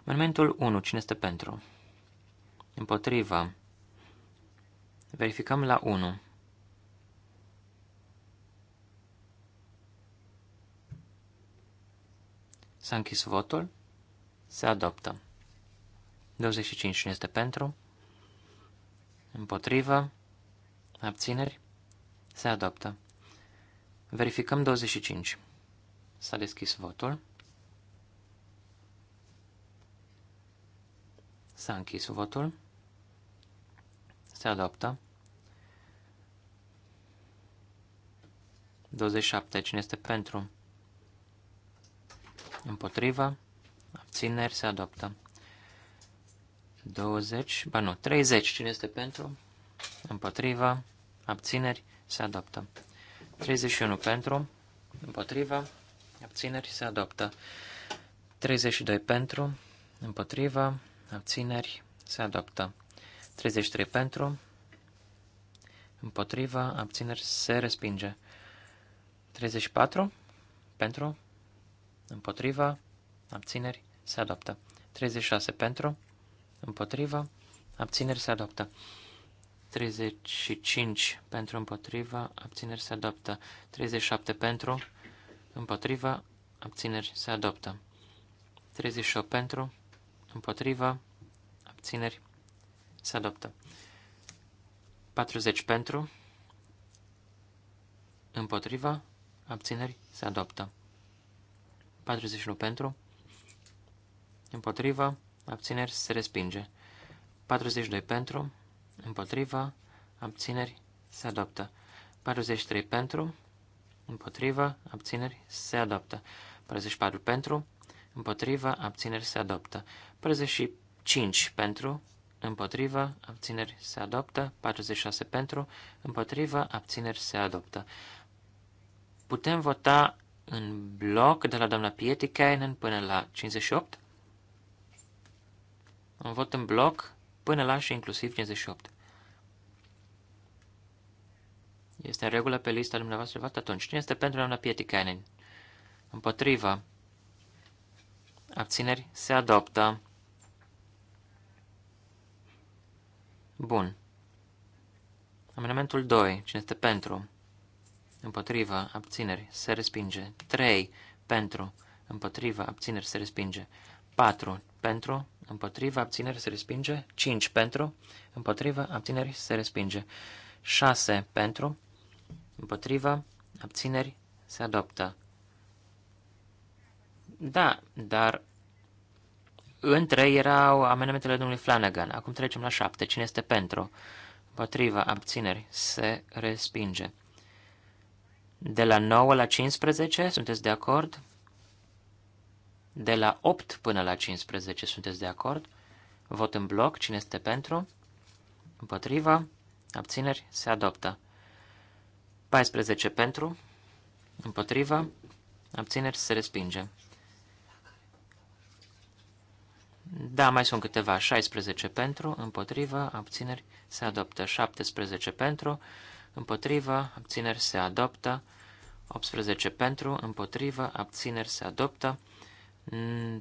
Amendamentul 1. Cine este pentru? Împotriva. Verificăm la 1. S-a închis votul. Se adoptă. 25. Cine este pentru? Împotrivă. Abțineri. Se adoptă. Verificăm 25. S-a deschis votul. S-a închis votul. Se adoptă. 27. Cine este pentru? Împotriva. Abțineri se adoptă. 20, ba nu, 30. Cine este pentru? Împotriva. Abțineri se adoptă. 31 pentru. Împotriva. Abțineri se adoptă. 32 pentru. Împotriva. Abțineri se adoptă. 33 pentru. Împotriva. Abțineri se respinge. 34 pentru. Împotriva abțineri, se adoptă. 36 pentru, împotriva, abțineri, se adoptă. 35 pentru, împotriva, abțineri, se adoptă. 37 pentru, împotriva, abțineri, se adoptă. 38 pentru, împotriva, abțineri, se adoptă. 40 pentru, împotriva, abțineri, se adoptă. 41 pentru, Împotrivă, abțineri, se respinge. 42 pentru, împotrivă, abțineri, se adoptă. 43 pentru, împotrivă, abțineri, se adoptă. 44 pentru, împotrivă, abțineri, se adoptă. 45 pentru, împotrivă, abțineri, se adoptă. 46 pentru, împotrivă, abțineri, se adoptă. Putem vota în bloc de la doamna Kainen până la 58? Un vot în bloc până la și inclusiv 58. Este în regulă pe lista dumneavoastră vot atunci. Cine este pentru doamna Pietikainen? Împotriva. Abțineri se adoptă. Bun. Amendamentul 2. Cine este pentru? Împotriva. Abțineri se respinge. 3. Pentru. Împotriva. Abțineri se respinge. 4. Pentru împotriva, abțineri, se respinge. 5 pentru, împotriva, abțineri, se respinge. 6 pentru, împotriva, abțineri, se adoptă. Da, dar între erau amendamentele domnului Flanagan. Acum trecem la 7. Cine este pentru? Împotriva, abțineri, se respinge. De la 9 la 15, sunteți de acord? de la 8 până la 15. Sunteți de acord? Vot în bloc. Cine este pentru? Împotriva. Abțineri. Se adoptă. 14 pentru. Împotriva. Abțineri. Se respinge. Da, mai sunt câteva. 16 pentru, împotriva, abțineri, se adoptă. 17 pentru, împotriva, abțineri, se adoptă. 18 pentru, împotriva, abțineri, se adoptă.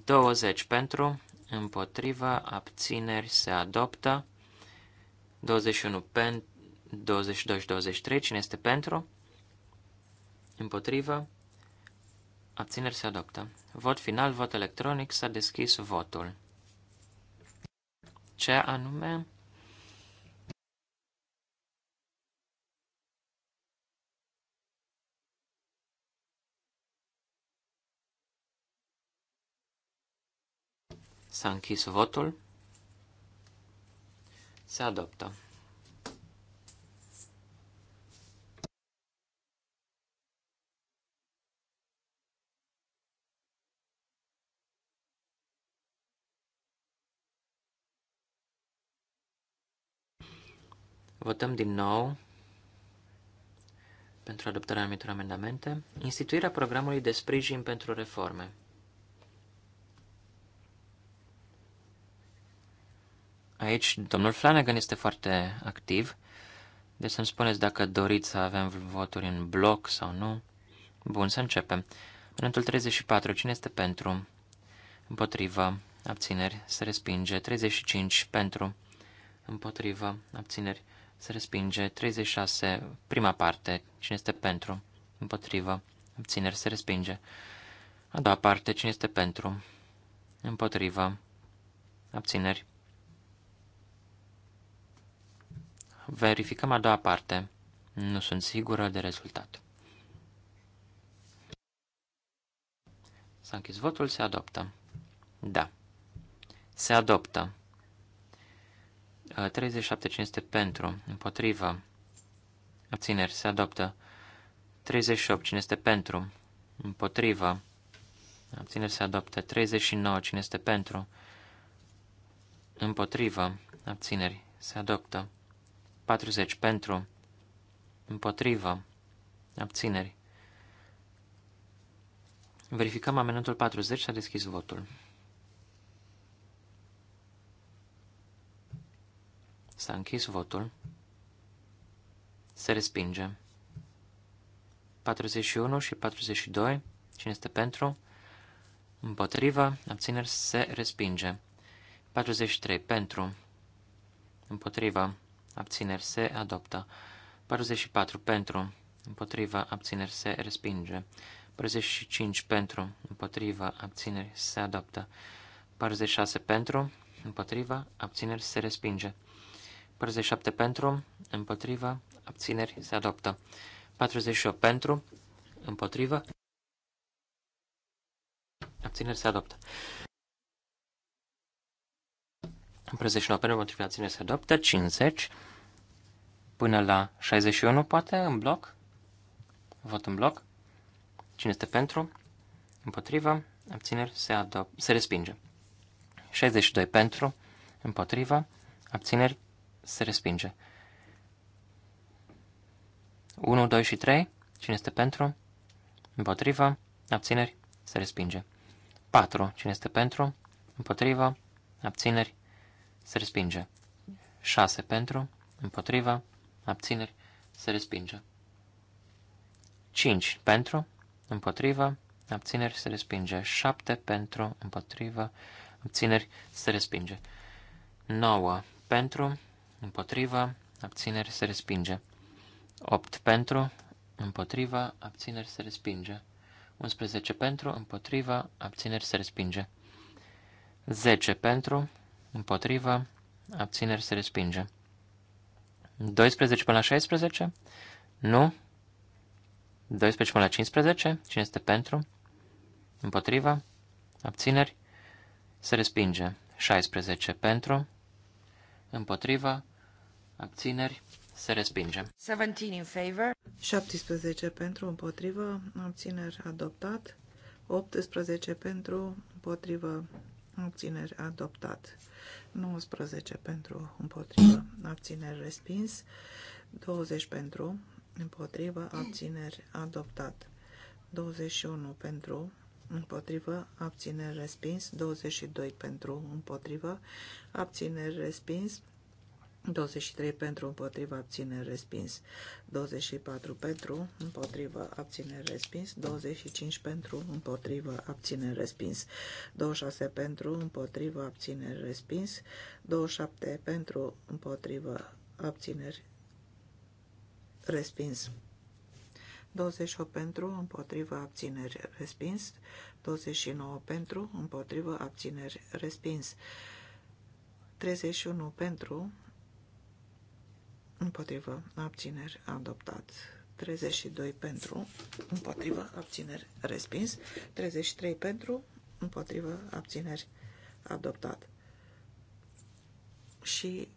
20 pentru, împotriva, abțineri se adoptă. 21 pentru, 22 23, cine este pentru? Împotriva, Abțineri se adoptă. Vot final, vot electronic, s-a deschis votul. Ce anume? S-a închis votul. Se adoptă. Votăm din nou pentru adoptarea anumitor amendamente. Instituirea programului de sprijin pentru reforme. Aici domnul Flanagan este foarte activ, deci să-mi spuneți dacă doriți să avem voturi în bloc sau nu. Bun, să începem. Minutul 34. Cine este pentru? Împotrivă. Abțineri. Se respinge. 35. Pentru. Împotrivă. Abțineri. Se respinge. 36. Prima parte. Cine este pentru? Împotrivă. Abțineri. Se respinge. A doua parte. Cine este pentru? Împotrivă. Abțineri. Verificăm a doua parte. Nu sunt sigură de rezultat. S-a închis votul, se adoptă. Da. Se adoptă. 37 uh, pentru, împotrivă. Abțineri, se adoptă. 38, cine este pentru? Împotrivă. Abțineri se adoptă. 39, cine este pentru? Împotrivă. Abțineri se adoptă. 40 pentru, împotrivă, abțineri. Verificăm amendamentul 40, și a deschis votul. S-a închis votul. Se respinge. 41 și 42. Cine este pentru? Împotriva. Abțineri se respinge. 43. Pentru. Împotriva abțineri se adoptă. 44 pentru, împotriva, abțineri se respinge. 45 pentru, împotriva, abțineri se adoptă. 46 pentru, împotriva, abțineri se respinge. 47 pentru, împotriva, abțineri se adoptă. 48 pentru, împotriva, abțineri se adoptă. 49 până împotriva se adoptă, 50 până la 61 poate în bloc. Vot în bloc. Cine este pentru? Împotriva. Abțineri se, adop- se respinge. 62 pentru. Împotriva. Abțineri se respinge. 1, 2 și 3. Cine este pentru? Împotriva. Abțineri se respinge. 4. Cine este pentru? Împotriva. Abțineri se respinge se respinge. 6 pentru, împotriva, abțineri, se respinge. 5 pentru, împotriva, abțineri, se respinge. 7 pentru, împotriva, abțineri, se respinge. 9 pentru, împotriva, abțineri, se respinge. 8 pentru, împotriva, abțineri, se respinge. 11 pentru, împotriva, abțineri, se respinge. 10 pentru, împotrivă, abțineri se respinge. 12 până la 16? Nu. 12 până la 15? Cine este pentru? Împotrivă, Abțineri? Se respinge. 16 pentru? împotrivă, Abțineri? Se respinge. 17 in favor. 17 pentru, împotrivă, abțineri adoptat. 18 pentru, împotrivă, abțineri adoptat, 19 pentru, împotrivă, abțineri respins, 20 pentru, împotrivă, abțineri adoptat, 21 pentru, împotrivă, abțineri respins, 22 pentru, împotrivă, abțineri respins, 23 pentru, împotriva, abținere, respins. 24 pentru, împotriva, abținere, respins. 25 pentru, împotriva, abținere, respins. 26 pentru, împotriva, abținere, respins. 27 pentru, împotriva, abțineri, respins. 28 pentru, împotriva, abțineri, respins. 29 pentru, împotriva, abțineri, respins. 31 pentru, împotrivă, abțineri, adoptat. 32 pentru, împotrivă, abțineri, respins. 33 pentru, împotrivă, abțineri, adoptat. Și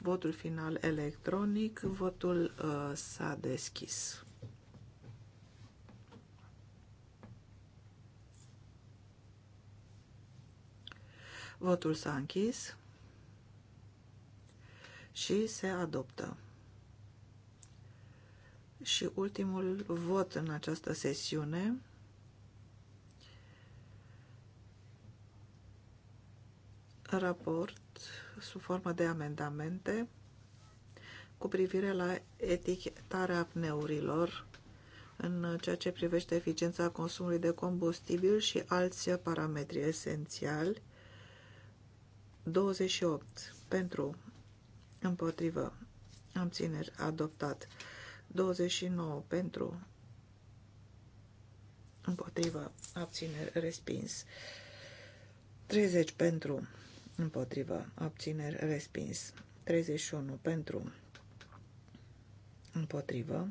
votul final electronic, votul uh, s-a deschis. Votul s-a închis și se adoptă. Și ultimul vot în această sesiune raport sub formă de amendamente cu privire la etichetarea pneurilor în ceea ce privește eficiența consumului de combustibil și alți parametri esențiali. 28. Pentru, împotrivă, abțineri, adoptat. 29 pentru, împotrivă, abțineri, respins. 30 pentru, împotrivă, abțineri, respins. 31 pentru, împotrivă,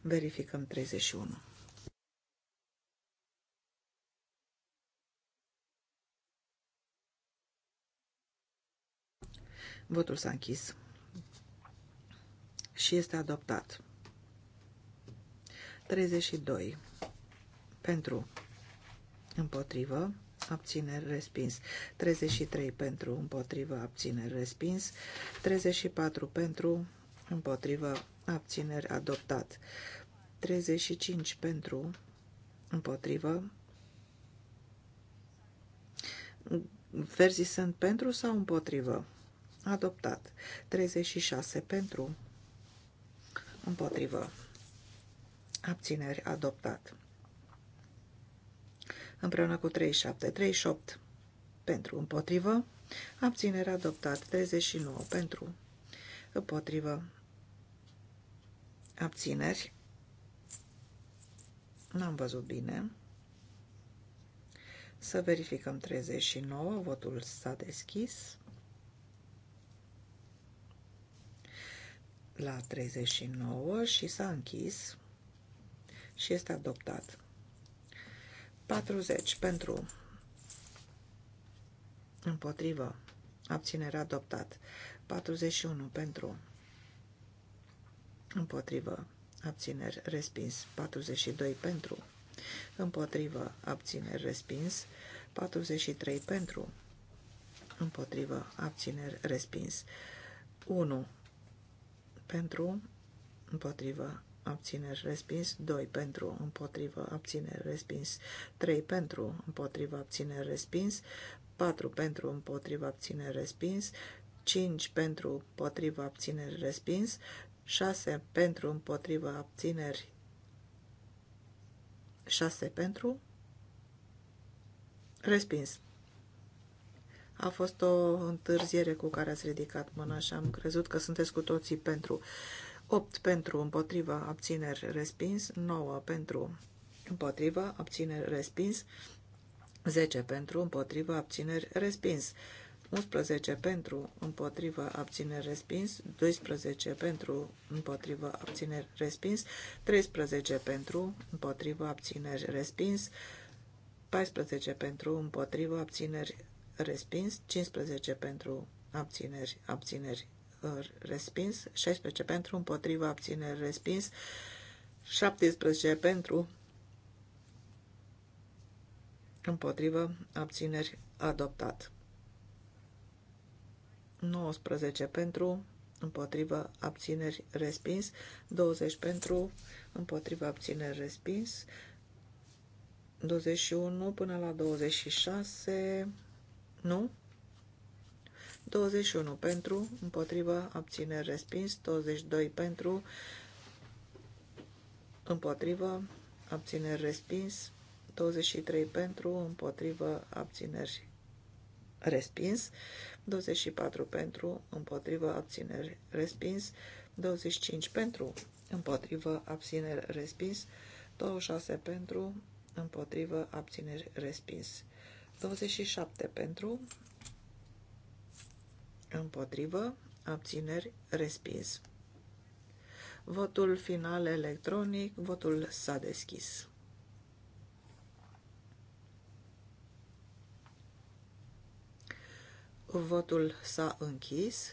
verificăm 31. Votul s-a închis și este adoptat. 32. Pentru împotrivă, abțineri respins. 33 pentru împotrivă, abțineri respins. 34 pentru împotrivă, abțineri adoptat. 35 pentru împotrivă. Verzii sunt pentru sau împotrivă? adoptat. 36 pentru, împotrivă, abțineri, adoptat. Împreună cu 37, 38 pentru, împotrivă, abțineri adoptat. 39 pentru, împotrivă, abțineri. N-am văzut bine. Să verificăm 39, votul s-a deschis. la 39 și s-a închis și este adoptat. 40 pentru împotrivă abținere adoptat. 41 pentru împotrivă abțineri respins. 42 pentru împotrivă abțineri respins. 43 pentru împotrivă abțineri respins. 1 pentru, împotrivă, abțineri, respins, 2 pentru, împotrivă, abțineri, respins, 3 pentru, împotrivă, abțineri, respins, 4 pentru, împotrivă, abțineri, respins, 5 pentru, împotrivă, abțineri, respins, 6 pentru, împotrivă, abțineri, 6 pentru, respins. A fost o întârziere cu care ați ridicat mâna și am crezut că sunteți cu toții pentru. 8 pentru, împotriva, abțineri, respins. 9 pentru, împotriva, abțineri, respins. 10 pentru, împotriva, abțineri, respins. 11 pentru, împotriva, abțineri, respins, 12 pentru, împotriva, abțineri, respins, 13 pentru, împotriva, abțineri, respins, 14 pentru, împotriva, abțineri, respins, 15 pentru abțineri, abțineri, uh, respins, 16 pentru, împotriva, abțineri, respins, 17 pentru, împotrivă, abțineri, adoptat. 19 pentru, împotrivă, abțineri, respins, 20 pentru, împotrivă, abțineri, respins, 21 până la 26, nu. 21 pentru, împotriva, abțineri, respins. 22 pentru, împotriva, abțineri, respins. 23 pentru, împotrivă, abțineri, respins. 24 pentru, împotrivă, abțineri, respins. 25 pentru, împotrivă, abțineri, respins. 26 pentru, împotrivă, abțineri, respins. 27 pentru, împotrivă, abțineri, respins. Votul final electronic, votul s-a deschis. Votul s-a închis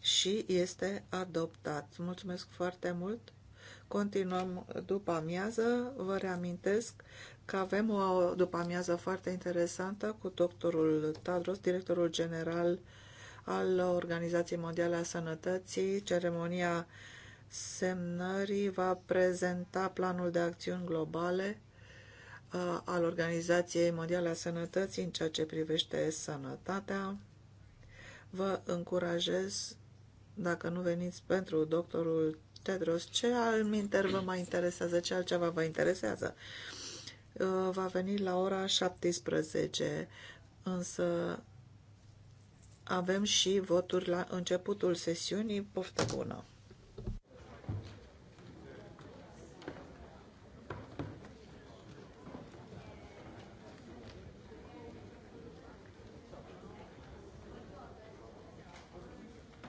și este adoptat. Mulțumesc foarte mult! Continuăm după amiază. Vă reamintesc că avem o după amiază foarte interesantă cu doctorul Tadros, directorul general al Organizației Mondiale a Sănătății. Ceremonia semnării va prezenta planul de acțiuni globale uh, al Organizației Mondiale a Sănătății în ceea ce privește sănătatea. Vă încurajez, dacă nu veniți pentru doctorul Tedros, ce alminter vă mai interesează, ce altceva vă interesează? Uh, va veni la ora 17, însă avem și voturi la începutul sesiunii. Poftă bună!